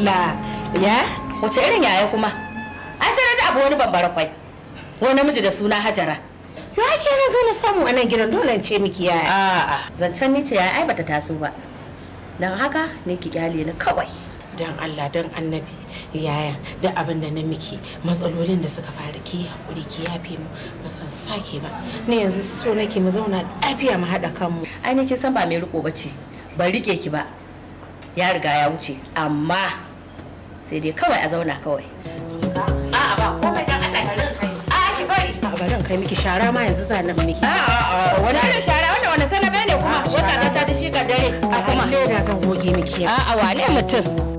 La, ya? Wace irin yaya kuma? an sai na ji abu wani babbar kwai. Wani namiji da suna Hajara. Yo ake na zo na samu a nan gidan dole ce miki yaya. A'a, zancen ni ce yaya ai bata taso ba. Dan haka ne ki kyale ni kawai. Dan Allah dan Annabi yaya da abin da na miki matsalolin da suka faru ki hakuri ki yafe mu ba san sake ba. Ni yanzu so nake mu zauna lafiya mu haɗa kanmu. Ai ne kin san ba mai riko bace. Ban rike ki ba. Ya riga ya wuce amma sai dai kawai a zauna kawai a'a ba komai dan Allah ka rasu bari kai miki shara ma yanzu za miki wani shara wanda wani sanabe ne kuma wata ta ta shi ga dare a kuma zan goge miki a'a wane mutum